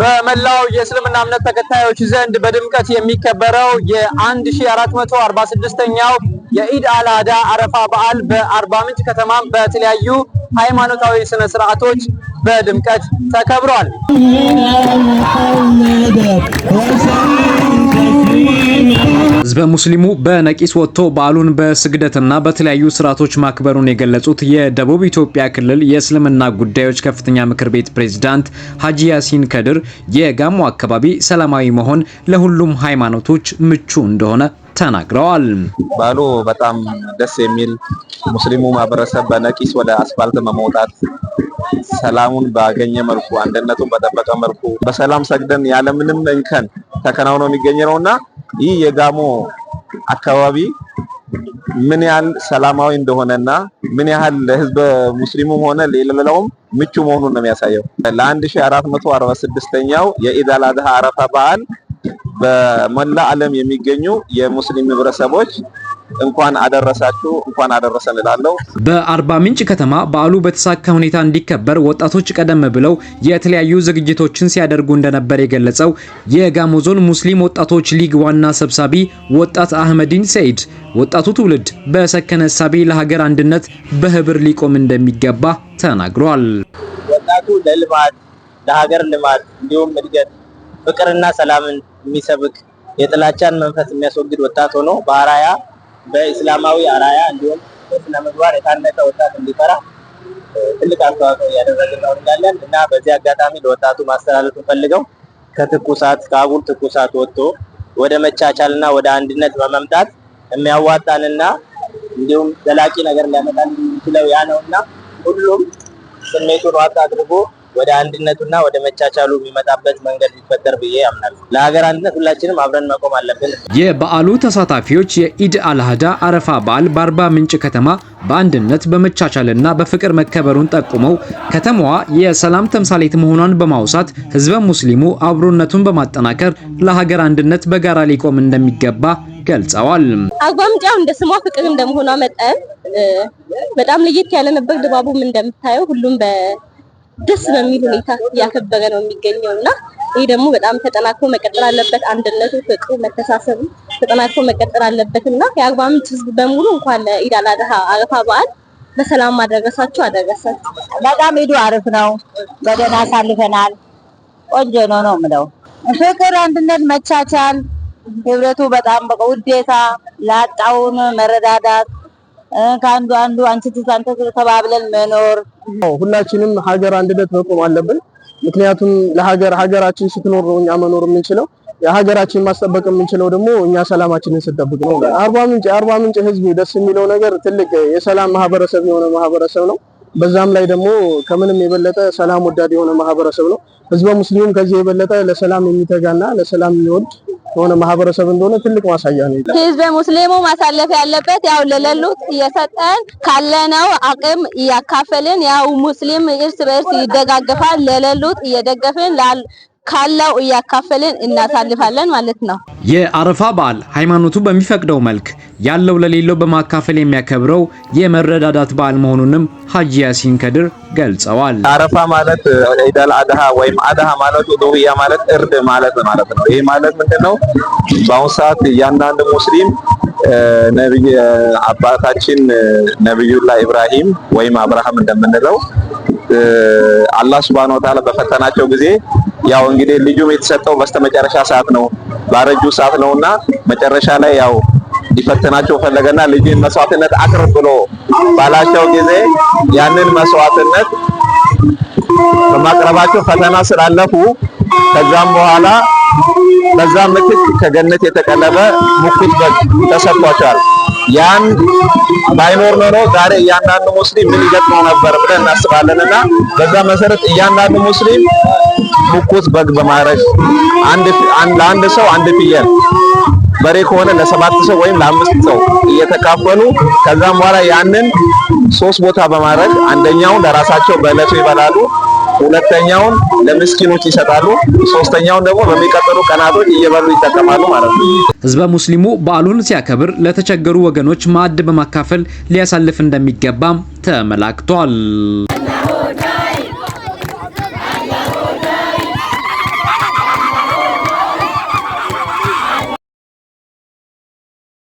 በመላው የእስልምና እምነት ተከታዮች ዘንድ በድምቀት የሚከበረው የ1446ኛው የኢድ አልአዳ አረፋ በዓል በአርባ ምንጭ ከተማ በተለያዩ ሃይማኖታዊ ስነ ስርዓቶች በድምቀት ተከብሯል። ህዝበ ሙስሊሙ በነቂስ ወጥቶ በዓሉን በስግደትና በተለያዩ ስርዓቶች ማክበሩን የገለጹት የደቡብ ኢትዮጵያ ክልል የእስልምና ጉዳዮች ከፍተኛ ምክር ቤት ፕሬዝዳንት ሀጂ ያሲን ከድር የጋሞ አካባቢ ሰላማዊ መሆን ለሁሉም ሃይማኖቶች ምቹ እንደሆነ ተናግረዋል። በዓሉ በጣም ደስ የሚል ሙስሊሙ ማህበረሰብ በነቂስ ወደ አስፋልት መመውጣት ሰላሙን ባገኘ መልኩ አንድነቱን በጠበቀ መልኩ በሰላም ሰግደን ያለምንም እንከን ተከናውኖ የሚገኝ ነው እና ይህ የጋሞ አካባቢ ምን ያህል ሰላማዊ እንደሆነና ምን ያህል ለህዝበ ሙስሊሙም ሆነ ለሌላውም ምቹ መሆኑን ነው የሚያሳየው። ለ 1446 ኛው የኢዳላ አርባ የኢድ አል አድሃ አረፋ በዓል በመላ ዓለም የሚገኙ የሙስሊም ህብረተሰቦች እንኳን አደረሳችሁ እንኳን አደረሰን እላለሁ። በአርባ ምንጭ ከተማ በዓሉ በተሳካ ሁኔታ እንዲከበር ወጣቶች ቀደም ብለው የተለያዩ ዝግጅቶችን ሲያደርጉ እንደነበር የገለጸው የጋሞ ዞን ሙስሊም ወጣቶች ሊግ ዋና ሰብሳቢ ወጣት አህመዲን ሰይድ ወጣቱ ትውልድ በሰከነ እሳቤ ለሀገር አንድነት በህብር ሊቆም እንደሚገባ ተናግሯል። ወጣቱ ለልማት ለሀገር ልማት እንዲሁም እድገት ፍቅርና ሰላምን የሚሰብክ የጥላቻን መንፈስ የሚያስወግድ ወጣት ሆኖ በአራያ በእስላማዊ አራያ እንዲሁም በስነ ምግባር የታነቀ ወጣት እንዲፈራ ትልቅ አስተዋጽኦ እያደረግን ነው እንላለን እና በዚህ አጋጣሚ ለወጣቱ ማስተላለፍ እንፈልገው ከትኩሳት ከአጉል ትኩሳት ወጥቶ ወደ መቻቻልና ወደ አንድነት በመምጣት የሚያዋጣንና እንዲሁም ዘላቂ ነገር ሊያመጣ የሚችለው ያ እና ሁሉም ስሜቱን ዋጣ አድርጎ ወደ አንድነቱና ወደ መቻቻሉ የሚመጣበት መንገድ ሊፈጠር ብዬ አምናለሁ። ለሀገር አንድነት ሁላችንም አብረን መቆም አለብን። የበዓሉ ተሳታፊዎች የኢድ አልሃዳ አረፋ በዓል በአርባ ምንጭ ከተማ በአንድነት በመቻቻልና በፍቅር መከበሩን ጠቁመው ከተማዋ የሰላም ተምሳሌት መሆኗን በማውሳት ህዝበ ሙስሊሙ አብሮነቱን በማጠናከር ለሀገር አንድነት በጋራ ሊቆም እንደሚገባ ገልጸዋል። አጓምጫው እንደ ስሟ ፍቅር እንደመሆኗ መጠን በጣም ለየት ያለ ነበር ድባቡም እንደምታየው ሁሉም ደስ በሚል ሁኔታ እያከበረ ነው የሚገኘው እና ይህ ደግሞ በጣም ተጠናክሮ መቀጠል አለበት። አንድነቱ፣ ፍቅሩ፣ መተሳሰቡ ተጠናክሮ መቀጠል አለበት እና የአርባ ምንጭ ህዝብ በሙሉ እንኳን ለኢድ አል አድሃ አረፋ በዓል በሰላም አደረሳችሁ አደረሳችሁ። በጣም ኢዱ አሪፍ ነው። በደህና አሳልፈናል። ቆንጆ ነው ነው የምለው ፍቅር፣ አንድነት፣ መቻቻል፣ ህብረቱ በጣም በቃ ውዴታ ላጣውን መረዳዳት ከአንዱ አንዱ አንቺ ትዝ አንተ ተባብለን መኖር ሁላችንም ሀገር አንድነት መቆም አለብን። ምክንያቱም ለሀገር ሀገራችን ስትኖር ነው እኛ መኖር የምንችለው። የሀገራችን ማስጠበቅ የምንችለው ደግሞ እኛ ሰላማችንን ስጠብቅ ነው። አርባ ምንጭ አርባ ምንጭ ህዝብ ደስ የሚለው ነገር ትልቅ የሰላም ማህበረሰብ የሆነ ማህበረሰብ ነው። በዛም ላይ ደግሞ ከምንም የበለጠ ሰላም ወዳድ የሆነ ማህበረሰብ ነው። ህዝበ ሙስሊሙም ከዚህ የበለጠ ለሰላም የሚተጋና ለሰላም የሚወድ የሆነ ማህበረሰብ እንደሆነ ትልቅ ማሳያ ነው። ህዝበ ሙስሊሙ ማሳለፍ ያለበት ያው ለሌሉት እየሰጠን ካለነው አቅም እያካፈልን፣ ያው ሙስሊም እርስ በእርስ ይደጋገፋል። ለሌሉት እየደገፍን ካለው እያካፈልን እናሳልፋለን ማለት ነው። የአረፋ በዓል ሃይማኖቱ በሚፈቅደው መልክ ያለው ለሌለው በማካፈል የሚያከብረው የመረዳዳት በዓል መሆኑንም ሐጂ ያሲን ከድር ገልጸዋል። አረፋ ማለት ኢዳል አድሃ ወይም አድሃ ማለት ኡሉሂያ ማለት እርድ ማለት ማለት ነው። ይሄ ማለት ምንድነው? በአሁኑ ሰዓት እያንዳንድ ሙስሊም ነብይ አባታችን ነብዩላ ኢብራሂም ወይም አብርሃም እንደምንለው አላህ ሱብሃነሁ ወተዓላ በፈተናቸው ጊዜ ያው እንግዲህ ልጁም የተሰጠው በስተመጨረሻ ሰዓት ነው፣ ባረጁ ሰዓት ነውና መጨረሻ ላይ ያው ሊፈትናቸው ፈለገና ልጅን መስዋዕትነት አቅርብ ብሎ ባላቸው ጊዜ ያንን መስዋዕትነት በማቅረባቸው ፈተና ስላለፉ ከዛም በኋላ በዛ ምትክ ከገነት የተቀለበ ሙኩት በግ ተሰጥቷቸዋል። ያን ባይኖር ኖሮ ዛሬ እያንዳንዱ ሙስሊም ምን ይገጥመው ነበር ብለን እናስባለንና በዛ መሰረት እያንዳንዱ ሙስሊም ሙኩት በግ በማረግ አንድ ለአንድ ሰው አንድ ፍየል በሬ ከሆነ ለሰባት ሰው ወይም ለአምስት ሰው እየተካፈሉ ከዛም በኋላ ያንን ሶስት ቦታ በማድረግ አንደኛውን ለራሳቸው በእለቱ ይበላሉ፣ ሁለተኛውን ለምስኪኖች ይሰጣሉ፣ ሶስተኛውን ደግሞ በሚቀጥሉ ቀናቶች እየበሉ ይጠቀማሉ ማለት ነው። ህዝበ ሙስሊሙ በዓሉን ሲያከብር ለተቸገሩ ወገኖች ማዕድ በማካፈል ሊያሳልፍ እንደሚገባም ተመላክቷል።